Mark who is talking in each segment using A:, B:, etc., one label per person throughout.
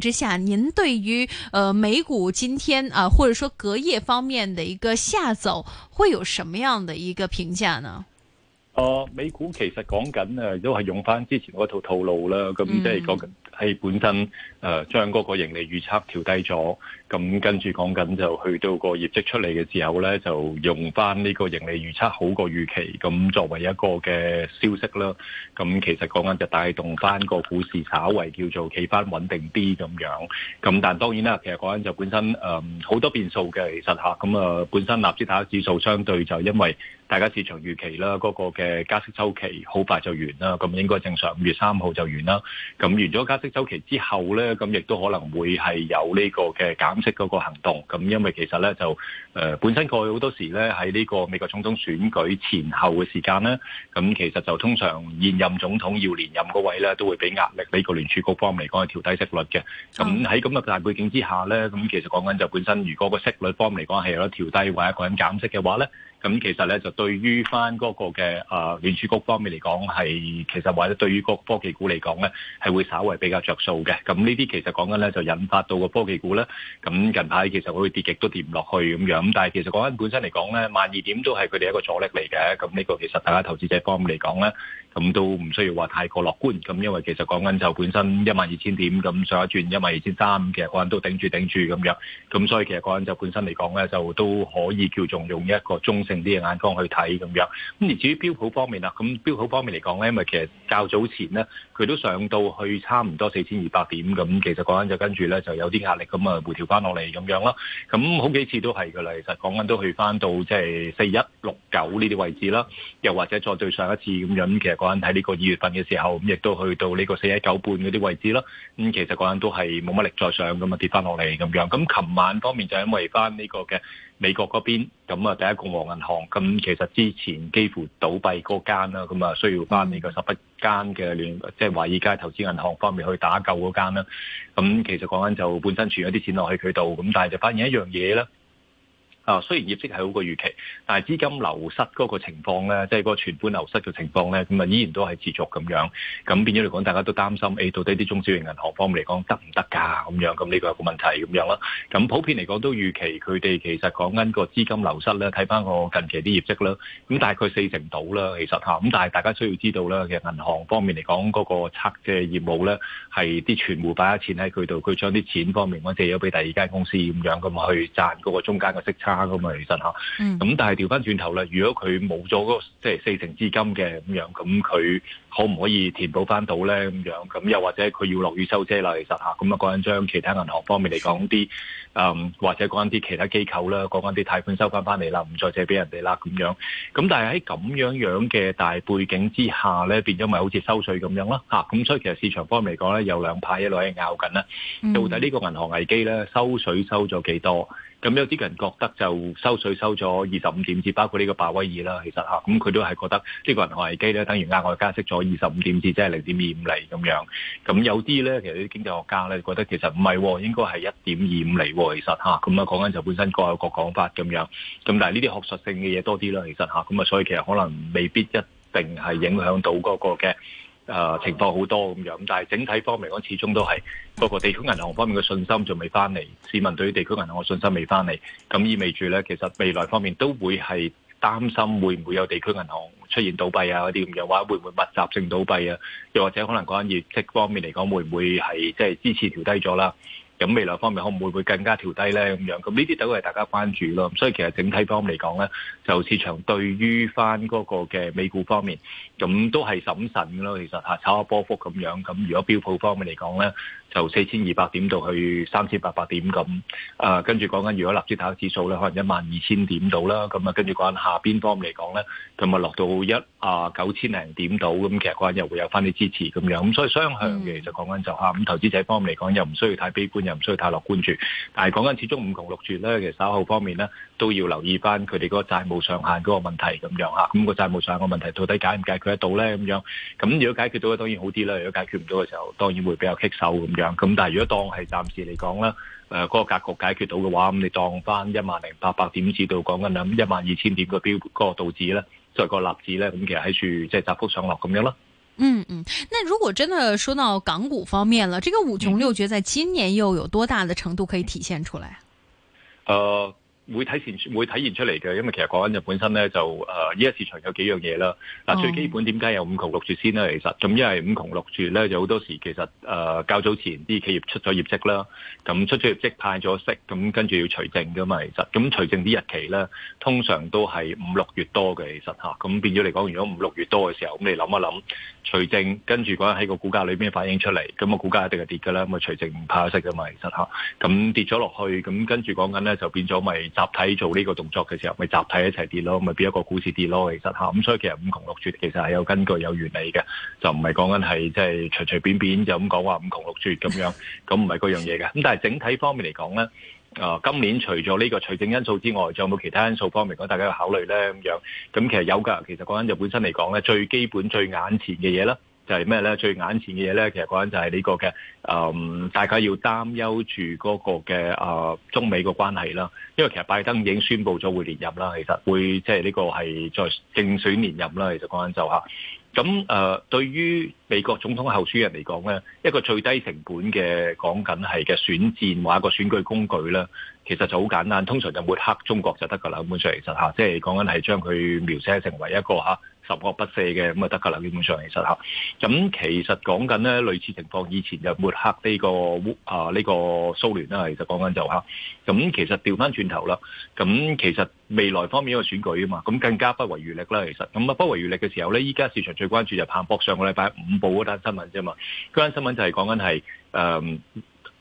A: 之下，您對於，呃，美股今天啊、呃，或者說隔夜方面的一個下走，會有什麼樣的一個評價呢？
B: 呃，美股其實講緊啊，都係用翻之前嗰套套路啦，咁即係講緊係本身。呃，將嗰個盈利預測調低咗，咁跟住講緊就去到個業績出嚟嘅時候呢，就用返呢個盈利預測好過預期，咁作為一個嘅消息啦，咁其實講緊就帶動返個股市稍為叫做企返穩定啲，咁樣，咁但當然啦，其實講緊就本身，嗯，好多變數嘅其實吓，咁本身納斯達克指數相對，就因為大家市場預期啦，嗰個嘅加息周期好快就完啦，咁應該正常五月三號就完啦，咁完咗加息週期之後呢，咁亦都可能會係有呢個嘅減息嗰個行動，咁因為其實咧就誒本身過去好多時咧喺呢個美國總統選舉前後嘅時間咧，咁其實就通常現任總統要連任嗰位咧都會俾壓力，呢個聯儲局方面嚟講係調低息率嘅。咁喺咁嘅大背景之下咧，咁其實講緊就本身如果個息率方面嚟講係有得調低或者減息嘅話咧。咁其實咧就對於翻嗰個嘅誒聯儲局方面嚟講，係其實或者對於個科技股嚟講咧，係會稍為比較着數嘅。咁呢啲其實講緊咧就引發到個科技股咧，咁近排其實佢會跌極都跌唔落去咁樣。咁但係其實講緊本身嚟講咧，萬二點都係佢哋一個阻力嚟嘅。咁呢個其實大家投資者方面嚟講咧，咁都唔需要話太過樂觀。咁因為其實講緊就本身一萬二千點咁，上一轉一萬二千三，其實個人都頂住頂住咁樣。咁所以其實講緊就本身嚟講咧，就都可以叫做用一個中定啲嘅眼光去睇咁樣，咁而至於標普方面啦，咁標普方面嚟講咧，因為其實較早前咧，佢都上到去差唔多四千二百點咁，其實嗰陣就跟住咧就有啲壓力回回，咁啊回調翻落嚟咁樣咯。咁好幾次都係嘅啦，其實講緊都去翻到即係四一六九呢啲位置啦，又或者再對上一次咁樣，其實嗰陣喺呢個二月份嘅時候，咁亦都去到呢個四一九半嗰啲位置啦。咁其實嗰陣都係冇乜力再上咁啊跌翻落嚟咁樣。咁琴晚方面就因為翻呢個嘅。美國嗰邊咁啊，第一共和銀行咁，其實之前幾乎倒閉嗰間啦，咁啊需要翻美國十一間嘅聯，即係華爾街投資銀行方面去打救嗰間啦。咁其實講緊就本身存咗啲錢落去佢度，咁但係就發現一樣嘢啦。啊，雖然業績係好過預期，但係資金流失嗰個情況咧，即係個存款流失嘅情況咧，咁啊依然都係持續咁樣。咁變咗嚟講，大家都擔心，誒到底啲中小型銀行方面嚟講得唔得㗎？咁樣咁呢個有冇問題咁樣啦？咁普遍嚟講都預期佢哋其實講緊個資金流失咧，睇翻個近期啲業績啦，咁大概四成到啦，其實吓，咁但係大家需要知道啦，其實銀行方面嚟講嗰個拆借業務咧，係啲存戶擺咗錢喺佢度，佢將啲錢方面拆借咗俾第二間公司咁樣咁去賺嗰個中間嘅息差。加噶嘛，其實吓嗯，咁但係調翻轉頭咧，如果佢冇咗嗰個即係四成資金嘅咁樣，咁佢，可唔可以填補翻到咧？咁樣咁又或者佢要落雨收車啦？其實咁啊，講緊將其他銀行方面嚟講啲，嗯，或者講緊啲其他機構啦，講翻啲貸款收翻翻嚟啦，唔再借俾人哋啦咁樣。咁但係喺咁樣樣嘅大背景之下咧，變咗咪好似收稅咁樣啦咁、啊、所以其實市場方面嚟講咧，有兩派一路喺度拗緊啦。到底呢個銀行危機咧收水收咗幾多？咁、嗯、有啲人覺得就收水收咗二十五點至包括呢個鮑威爾啦。其實咁佢、嗯、都係覺得呢個銀行危機咧，等於額外加息咗。二十五點至即係零點二五厘咁樣。咁有啲咧，其實啲經濟學家咧覺得其實唔係、哦，應該係一點二五釐。其實嚇咁啊，講、嗯、緊就本身各有各講法咁樣。咁、嗯、但係呢啲學術性嘅嘢多啲啦，其實嚇咁啊，所以其實可能未必一定係影響到嗰個嘅誒、呃、情況好多咁樣。咁但係整體方面嚟講，始終都係嗰個地區銀行方面嘅信心仲未翻嚟，市民對於地區銀行嘅信心未翻嚟，咁意味住咧，其實未來方面都會係。擔心會唔會有地區銀行出現倒閉啊那？嗰啲咁樣話會唔會密集性倒閉啊？又或者可能講業績方面嚟講，會唔會係即係支持調低咗啦？咁未來方面可唔會會更加調低咧咁樣？咁呢啲都係大家關注咯。咁所以其實整體方面嚟講咧，就市場對於翻嗰個嘅美股方面，咁都係審慎咯。其實嚇炒下波幅咁樣。咁如果標普方面嚟講咧。就四千二百點到去三千八百點咁，啊跟住講緊如果納斯達克指數咧，可能一萬二千點到啦，咁啊跟住講緊下邊方面嚟講咧，同埋落到一啊九千零點到，咁其實講緊又會有翻啲支持咁樣，咁所以雙向嘅，其實講緊就嚇咁、啊、投資者方面嚟講又唔需要太悲觀，又唔需要太樂觀住，但係講緊始終五窮六絕咧，其實稍後方面咧都要留意翻佢哋嗰個債務上限嗰個問題咁樣嚇，咁個債務上限個問題到底解唔解決得到咧？咁樣，咁如果解決到嘅當然好啲啦，如果解決唔到嘅時候當然會比較棘手咁咁但係如果當係暫時嚟講啦，誒，嗰個格局解決到嘅話，咁你當翻一萬零八百點至到講緊咁一萬二千點嘅標個道指咧，再個立指咧，咁其實喺處即係窄幅上落咁樣咯。嗯
A: 嗯，那如果真的說到港股方面了，這個五窮六絕在今年又有多大的程度可以體現出來？
B: 誒、嗯。嗯會體現會體現出嚟嘅，因為其實講緊就本身咧就誒依個市場有幾樣嘢啦。嗱、oh.，最基本點解有五窮六絕先咧？其實咁因為五窮六絕咧就好多時其實誒、呃、較早前啲企業出咗業績啦，咁出咗業績派咗息，咁跟住要除淨噶嘛，其實咁除淨啲日期咧通常都係五六月多嘅，其實咁、啊、變咗嚟講，如果五六月多嘅時候，咁你諗一諗。除正跟住嗰陣喺個股價裏邊反映出嚟，咁啊股價一定係跌噶啦，咁啊除正唔怕息噶嘛，其實吓咁跌咗落去，咁跟住講緊咧就變咗咪集體做呢個動作嘅時候，咪集體一齊跌咯，咁咪變一個股市跌咯，其實吓咁所以其實五窮六絕其實係有根據有原理嘅，就唔係講緊係即係隨隨便便就咁講話五窮六絕咁樣，咁唔係嗰樣嘢嘅，咁但係整體方面嚟講咧。啊、呃！今年除咗呢個財政因素之外，仲有冇其他因素方面講，大家要考慮咧咁樣？咁其實有㗎。其實講緊就本身嚟講咧，最基本、最眼前嘅嘢咧，就係咩咧？最眼前嘅嘢咧，其實講緊就係呢、這個嘅誒、嗯，大家要擔憂住嗰個嘅誒、啊、中美個關係啦。因為其實拜登已經宣布咗會連任啦，其實會即係呢個係再競選連任啦。其實講緊就嚇。咁誒、呃，對於美國總統候選人嚟講咧，一個最低成本嘅講緊係嘅選戰或一個選舉工具咧，其實就好簡單，通常就抹黑中國就得㗎喇。咁本上其實即係講緊係將佢描寫成為一個、啊十惡不赦嘅咁啊得噶啦，基本上其實嚇。咁、嗯、其實講緊咧類似情況，以前就抹黑呢、這個啊呢、這個蘇聯啦，其實講緊就嚇。咁、嗯、其實調翻轉頭啦，咁、嗯、其實未來方面一個選舉啊嘛，咁更加不為預力啦，其實咁啊、嗯、不遺餘力嘅時候咧，依家市場最關注就彭博上個禮拜五報嗰單新聞啫嘛。嗰單新聞就係講緊係誒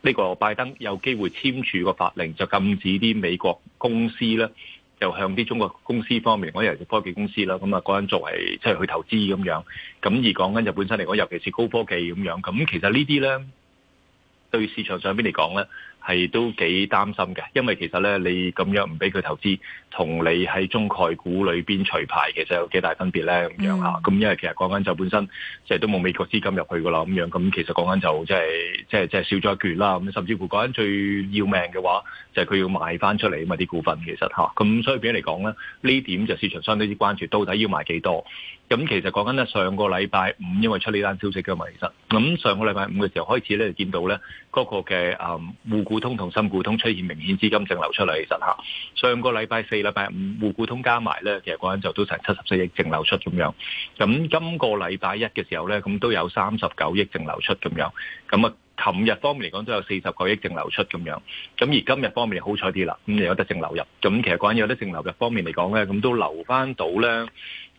B: 呢個拜登有機會簽署個法令，就禁止啲美國公司咧。又向啲中國公司方面，我哋係科技公司啦，咁啊個人作為即係去投資咁樣，咁而講緊就本身嚟講，尤其是高科技咁樣咁，其實呢啲咧對市場上邊嚟講咧。係都幾擔心嘅，因為其實咧你咁樣唔俾佢投資，同你喺中概股裏邊除牌，其實有幾大分別咧咁樣嚇。咁因為其實講緊就本身即係、就是、都冇美國資金入去噶啦咁樣，咁其實講緊就即係即係即係少咗一橛啦。咁甚至乎講緊最要命嘅話，就係、是、佢要賣翻出嚟啊嘛啲股份，其實嚇。咁所以變咗嚟講咧，呢點就市場相當之關注，到底要賣幾多？咁其實講緊咧，上個禮拜五因為出呢單消息嘅嘛，其實咁上個禮拜五嘅時候開始咧，就見到咧嗰、那個嘅誒滬股通同深股通出現明顯資金淨流出嚟，其實嚇上個禮拜四、禮拜五滬股通加埋咧，其實講緊就都成七十四億淨流出咁樣。咁今個禮拜一嘅時候咧，咁都有三十九億淨流出咁樣。咁啊，琴日方面嚟講都有四十九億淨流出咁樣。咁而今日方面又好彩啲啦，咁又有得淨流入。咁其實講緊有得淨流入方面嚟講咧，咁都留翻到咧。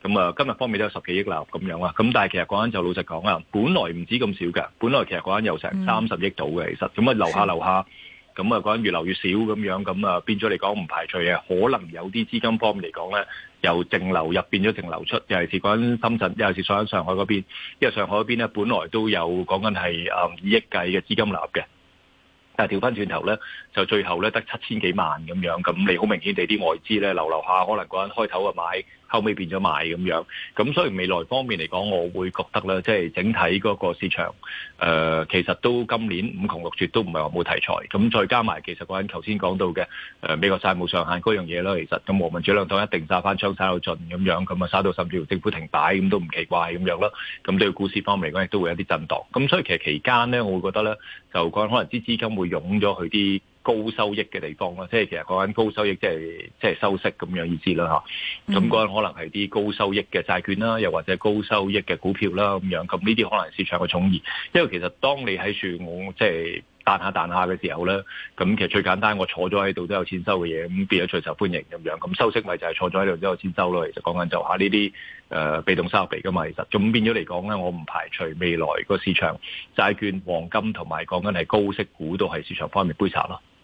B: 咁啊，今日方面都有十幾億納咁樣啊，咁但係其實講緊就老實講啊，本來唔止咁少嘅，本來其實講緊有成三十億到嘅，嗯，其實咁啊流下流下，咁啊嗰陣越流越少咁樣，咁啊變咗嚟講唔排除嘅，可能有啲資金方面嚟講咧，由淨流入變咗淨流出，尤其係深圳，尤其係上海嗰邊，因為上海嗰邊咧本來都有講緊係二億計嘅資金立嘅，但係調翻轉頭咧，就最後咧得七千幾萬咁樣，咁你好明顯地啲外資咧流流下，可能嗰陣開頭啊買。後尾變咗賣咁樣，咁所以未來方面嚟講，我會覺得咧，即係整體嗰個市場，誒其實都今年五窮六絕都唔係話冇題材，咁再加埋其實嗰人頭先講到嘅誒美國債務上限嗰樣嘢啦，其實共和民主兩黨一定揸翻槍晒到盡咁樣，咁啊，揸到甚至乎政府停擺咁都唔奇怪咁樣咯。咁對股市方面嚟講，亦都會有啲震盪。咁所以其實期間咧，我會覺得咧，就講可能啲資金會湧咗佢啲。高收益嘅地方咯，即係其實講緊高收益即係即係收息咁樣意思啦嚇。咁、嗯、嗰可能係啲高收益嘅債券啦，又或者高收益嘅股票啦咁樣。咁呢啲可能係市場嘅重義，因為其實當你喺住我即係、就是、彈下彈下嘅時候咧，咁其實最簡單，我坐咗喺度都有錢收嘅嘢，咁變咗最受歡迎咁樣。咁收息咪就係坐咗喺度都有錢收咯。其實講緊就下呢啲誒被動收入噶嘛。其實咁變咗嚟講咧，我唔排除未來個市場債券、黃金同埋講緊係高息股都係市場方面杯茶咯。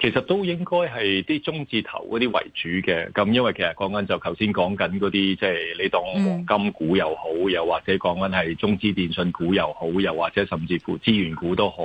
B: 其實都應該係啲中字頭嗰啲為主嘅，咁因為其實講緊就頭先講緊嗰啲，即係你當黃金股又好，又或者講緊係中資電信股又好，又或者甚至乎資源股都好。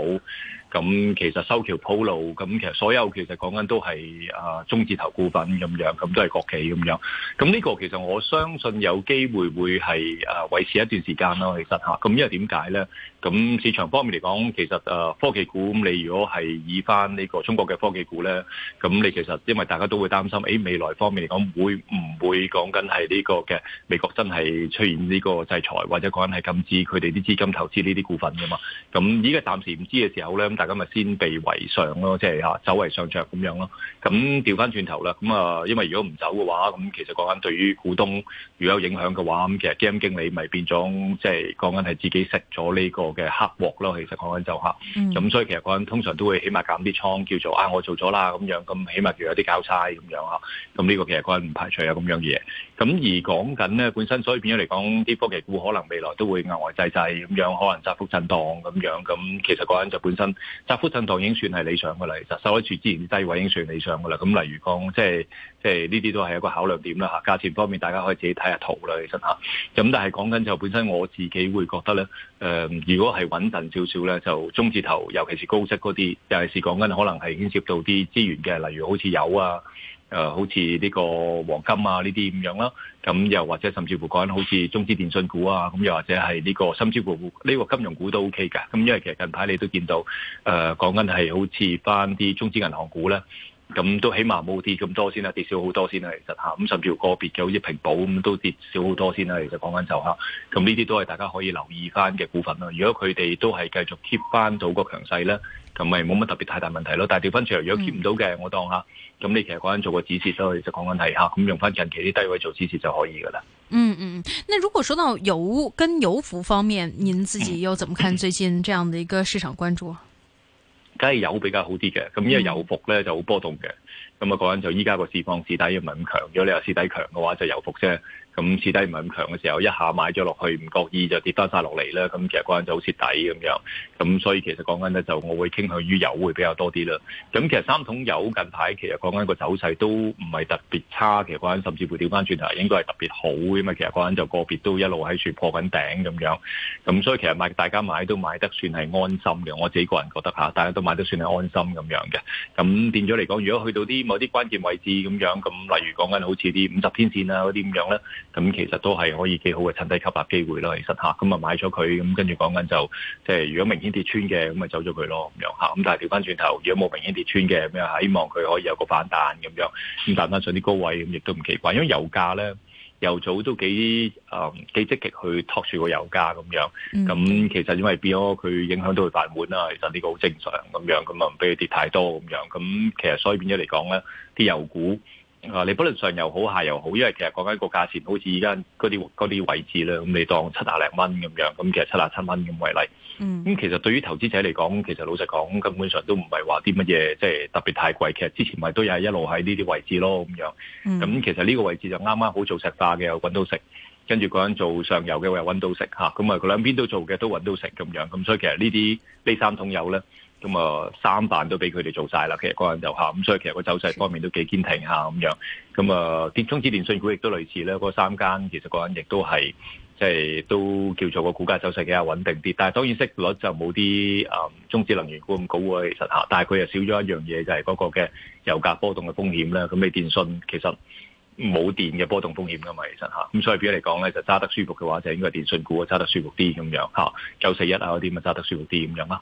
B: 咁其實修橋鋪路，咁其實所有其實講緊都係啊中字頭股份咁樣，咁都係國企咁樣。咁呢個其實我相信有機會會係啊維持一段時間咯。其實吓，咁因為點解咧？咁市場方面嚟講，其實啊科技股咁，你如果係以返呢個中國嘅科技股咧，咁你其實因為大家都會擔心，誒未來方面嚟講會唔會講緊係呢個嘅美國真係出現呢個制裁，或者講緊係禁止佢哋啲資金投資呢啲股份㗎嘛？咁依家暫時唔知嘅時候咧。大家咪先避為上咯，即係嚇走為上著咁樣咯。咁調翻轉頭啦，咁啊，因為如果唔走嘅話，咁其實講緊對於股東如果有影響嘅話，咁其實基金經理咪變咗，即係講緊係自己食咗呢個嘅黑鑊咯。其實講緊就嚇，咁、嗯、所以其實講緊通常都會起碼減啲倉，叫做啊我做咗啦咁樣，咁起碼要有啲交差咁樣嚇。咁呢個其實講緊唔排除有咁樣嘢。咁而講緊咧本身，所以變咗嚟講，啲科技股可能未來都會呆呆滯滯咁樣，可能窄幅震盪咁樣。咁其實講緊就本身。窄幅震盪已經算係理想嘅啦，其實收得住之前啲低位已經算理想嘅啦。咁例如講，即係即係呢啲都係一個考量點啦嚇。價錢方面，大家可以自己睇下圖啦，其實嚇。咁但係講緊就本身我自己會覺得咧，誒、呃，如果係穩陣少少咧，就中字頭，尤其是高質嗰啲，尤其是講緊可能係牽涉到啲資源嘅，例如好似油啊。誒、呃，好似呢個黃金啊，呢啲咁樣啦，咁又或者甚至乎講緊好似中資電信股啊，咁又或者係呢、這個，甚至乎呢個金融股都 OK 㗎。咁因為其實近排你都見到，誒、呃，講緊係好似翻啲中資銀行股咧。咁都起碼冇跌咁多先啦、啊，跌少好多先啦、啊，其實咁甚至個別嘅，好似平保咁都跌少好多先啦、啊，其實講緊就嚇咁呢啲都係大家可以留意翻嘅股份啦。如果佢哋都係繼續 keep 翻到個強勢咧，咁咪冇乜特別太大問題咯。但係調翻出嚟，如果 keep 唔到嘅、嗯，我當下咁你其實講緊做個止蝕、啊，所以就講緊係下。咁用翻近期啲低位做止蝕就可以噶啦。
A: 嗯嗯，那如果說到油跟油服方面，您自己又怎麼看最近這樣的一個市場關注？嗯嗯嗯。
B: 梗係油比較好啲嘅，咁因為油服咧就好波動嘅，咁啊講緊就依家個市況市底唔係咁強，如果你話市底強嘅話，就油服啫，就是。咁徹底唔係咁強嘅時候，一下買咗落去，唔覺意就跌翻晒落嚟啦。咁其實嗰陣就好徹底咁樣。咁所以其實講緊咧，就我會傾向於油會比較多啲啦。咁其實三桶油近排其實講緊個走勢都唔係特別差，其實講緊甚至乎調翻轉頭應該係特別好，因為其實講緊就個別都一路喺處破緊頂咁樣。咁所以其實買大家買都買得算係安心嘅，我自己個人覺得下，大家都買得算係安心咁樣嘅。咁變咗嚟講，如果去到啲某啲關鍵位置咁樣，咁例如講緊好似啲五十天線啊嗰啲咁樣咧。咁其實都係可以幾好嘅趁低吸納機會啦，其實吓，咁啊買咗佢，咁跟住講緊就，即係如果明顯跌穿嘅，咁咪走咗佢咯，咁樣吓，咁但係調翻轉頭，如果冇明顯跌穿嘅，咁樣，希望佢可以有個反彈咁樣，咁彈翻上啲高位，咁亦都唔奇怪。因為油價咧，油組都幾誒幾積極去托住個油價咁樣，咁、嗯、其實因為變咗佢影響到佢快盤啦，其實呢個好正常咁樣，咁啊唔俾佢跌太多咁樣。咁其實所以變咗嚟講咧，啲油股。啊！你不論上游好下游好，因為其實講緊個價錢好，好似依家嗰啲啲位置咧，咁你當七廿零蚊咁樣，咁其實七廿七蚊咁為例。咁、嗯、其實對於投資者嚟講，其實老實講，根本上都唔係話啲乜嘢，即係特別太貴。其實之前咪都有一路喺呢啲位置咯，咁樣。咁其實呢個位置就啱啱好做石化嘅又搵到食，跟住嗰陣做上游嘅又搵到食吓，咁啊，佢兩邊都做嘅都搵到食咁樣。咁所以其實呢啲呢三桶油咧。咁、嗯、啊，三板都俾佢哋做晒啦，其實個人就吓，咁所以其實個走勢方面都幾堅挺下。咁樣。咁啊，中資電信股亦都類似咧，嗰、那個、三間其實個人亦都係即係都叫做個股價走勢比較穩定啲。但係當然息率就冇啲啊中資能源股咁高嘅，其實吓。但係佢又少咗一樣嘢，就係、是、嗰個嘅油價波動嘅風險啦。咁你電信其實冇電嘅波動風險噶嘛，其實吓。咁、啊、所以比較嚟講咧，就揸得舒服嘅話，就應該係電信股啊揸得舒服啲咁樣吓，九四一啊嗰啲咪揸得舒服啲咁樣啦。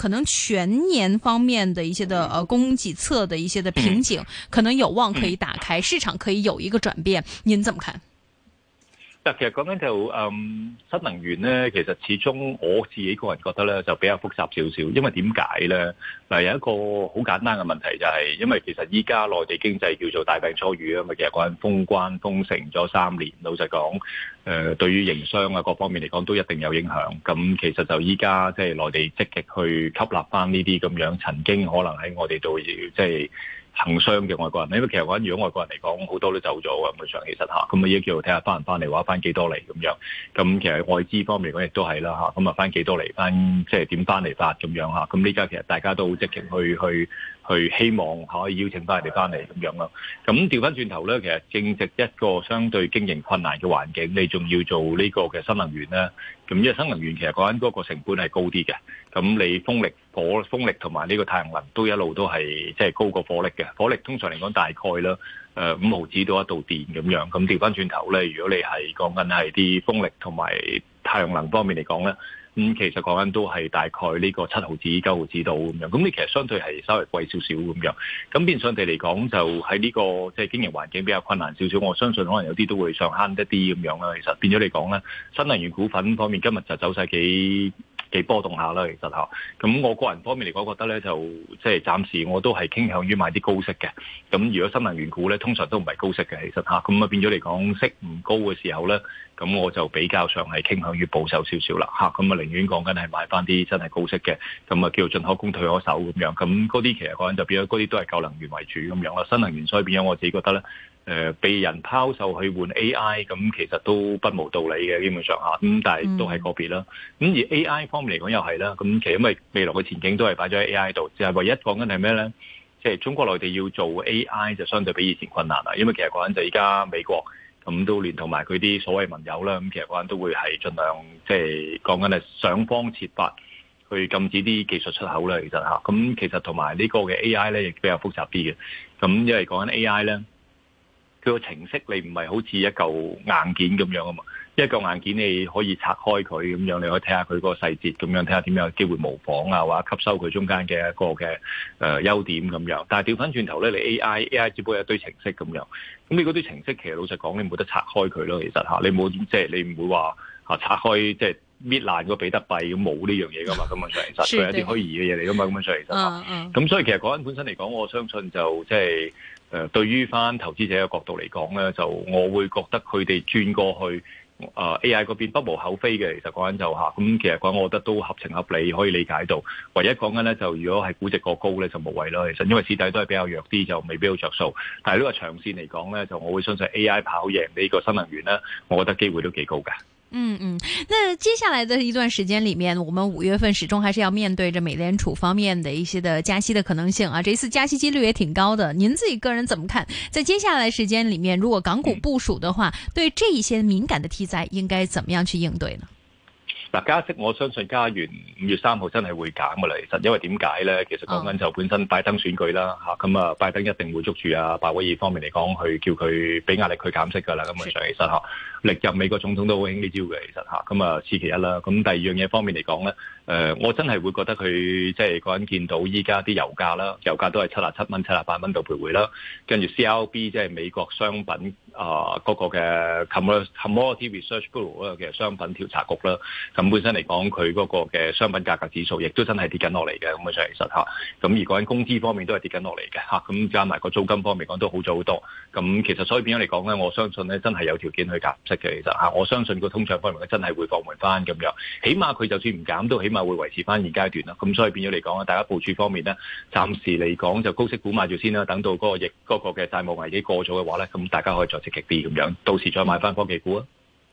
A: 可能全年方面的一些的呃供給側的一些的瓶頸，可能有望可以打開，市場可以有一個轉變，您怎麼看？
B: 嗱，其實講緊就嗯新能源咧，其實始終我自己個人覺得咧，就比較複雜少少，因為點解咧？嗱，有一個好簡單嘅問題就係，因為其實依家內地經濟叫做大病初愈啊嘛，其實講緊封關封城咗三年，老實講，誒對於營商啊各方面嚟講都一定有影響。咁其實就依家即係內地積極去吸納返呢啲咁樣曾經可能喺我哋度即係。行商嘅外國人，因為其實如果外國人嚟講，好多都走咗嘅，咁樣上其實嚇，咁啊依家叫睇下翻唔翻嚟，話翻幾多嚟咁樣。咁其實外資方面講亦都係啦嚇，咁啊翻幾多嚟，翻、嗯、即係點翻嚟法咁樣嚇。咁呢家其實大家都好積極去去。佢希望可以邀請翻人哋翻嚟咁樣咯。咁調翻轉頭咧，其實正值一個相對經營困難嘅環境，你仲要做呢個嘅新能源啦。咁因為新能源其實講緊嗰個成本係高啲嘅。咁你風力、火風力同埋呢個太陽能都一路都係即係高過火力嘅。火力通常嚟講大概咧，誒五毫子到一度電咁樣。咁調翻轉頭咧，如果你係講緊係啲風力同埋太陽能方面嚟講咧。咁、嗯、其實講緊都係大概呢個七毫子、九毫子到咁樣，咁你其實相對係稍微貴少少咁樣。咁變相地嚟講，就喺呢個即係經營環境比較困難少少，我相信可能有啲都會想慳一啲咁樣啦。其實變咗嚟講咧，新能源股份方面今日就走晒幾幾波動下啦，其實嚇，咁我個人方面嚟講，覺得咧就即係暫時我都係傾向於買啲高息嘅。咁如果新能源股咧，通常都唔係高息嘅，其實嚇，咁啊變咗嚟講息唔高嘅時候咧，咁我就比較上係傾向於保守少少啦嚇，咁啊寧願講緊係買翻啲真係高息嘅，咁啊叫做進可攻退可守咁樣。咁嗰啲其實講緊就變咗嗰啲都係舊能源為主咁樣啦，新能源所以變咗我自己覺得咧。誒被人拋售去換 AI，咁其實都不無道理嘅，基本上吓，咁但係都係個別啦。咁、嗯、而 AI 方面嚟講又係啦，咁其實因為未來嘅前景都係擺咗喺 AI 度，就係、是、唯一講緊係咩咧？即、就、係、是、中國內地要做 AI 就相對比以前困難啦，因為其實講緊就依家美國咁都連同埋佢啲所謂盟友啦，咁其實講緊都會係盡量即係講緊係想方設法去禁止啲技術出口啦，其實吓，咁其實同埋呢個嘅 AI 咧亦比較複雜啲嘅，咁因為講緊 AI 咧。佢個程式你唔係好似一嚿硬件咁樣啊嘛，一嚿硬件你可以拆開佢咁樣，你可以睇下佢嗰個細節咁樣，睇下點樣有機會模仿啊，或者吸收佢中間嘅一個嘅誒、呃、優點咁樣。但係調翻轉頭咧，你 A I A I 只不過一堆程式咁樣，咁你嗰啲程式其實老實講你冇得拆開佢咯，其實嚇你冇即係你唔會話嚇拆開即係搣爛個比特幣咁冇呢樣嘢噶嘛，咁啊上其實佢係一啲虛擬嘅嘢嚟噶嘛，咁啊上其實，咁 所以其實講緊本身嚟講，我相信就即、是、係。誒、呃，對於翻投資者嘅角度嚟講咧，就我會覺得佢哋轉過去啊、呃、AI 嗰邊不無厚非嘅，其實講緊就嚇、是，咁其實講我覺得都合情合理，可以理解到。唯一講緊咧，就如果係估值過高咧，就無謂啦。其實因為市底都係比較弱啲，就未必有着數。但係呢個長線嚟講咧，就我會相信 AI 跑贏呢個新能源呢，我覺得機會都幾高㗎。
A: 嗯嗯，那接下來的一段時間裏面，我們五月份始終還是要面對着美聯儲方面的一些的加息的可能性啊，這一次加息幾率也挺高的。您自己個人怎麼看？在接下來時間裏面，如果港股部署的話，對這一些敏感的題材，應該怎麼樣去應對呢？
B: 嗱、嗯，加息我相信加完五月三號真係會減噶啦。其實因為點解呢？其實講緊就本身拜登選舉啦吓，咁、哦、啊拜登一定會捉住啊鮑威爾方面嚟講去叫佢俾壓力佢減息噶啦。咁佢上其實歷任美國總統都好興呢招嘅，其實咁啊，此其一啦。咁第二樣嘢方面嚟講咧，誒、呃，我真係會覺得佢即係嗰人見到依家啲油價啦，油價都係七啊七蚊、七啊八蚊度徘徊啦。跟住 C R B 即係美國商品啊嗰、呃那個嘅 Commodity Research Bureau 嘅商品調查局啦，咁本身嚟講佢嗰個嘅商品價格指數，亦都真係跌緊落嚟嘅。咁其實嚇咁、啊、而講工資方面都係跌緊落嚟嘅，咁加埋個租金方面講都好咗好多。咁其實所以變咗嚟講咧，我相信咧真係有條件去減。其實吓，我相信個通脹方面真係會放緩翻，咁樣，起碼佢就算唔減，都起碼會維持翻現階段啦。咁所以變咗嚟講啊，大家部署方面咧，暫時嚟講就高息股買住先啦。等到嗰個疫嗰個嘅債務危機過咗嘅話咧，咁大家可以再積極啲咁樣，到時再買翻科技股啊。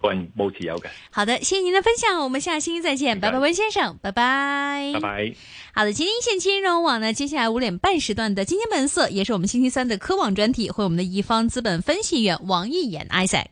B: 個人冇自由
A: 嘅。好的，謝謝您的分享，我們下星期再見，謝謝拜拜，温先生，拜拜。拜拜。好的，今日一線金融網呢，接下來五點半時段的《今天本色》，也是我們星期三的科網專題，會我們的一方資本分析員王毅演 Isaac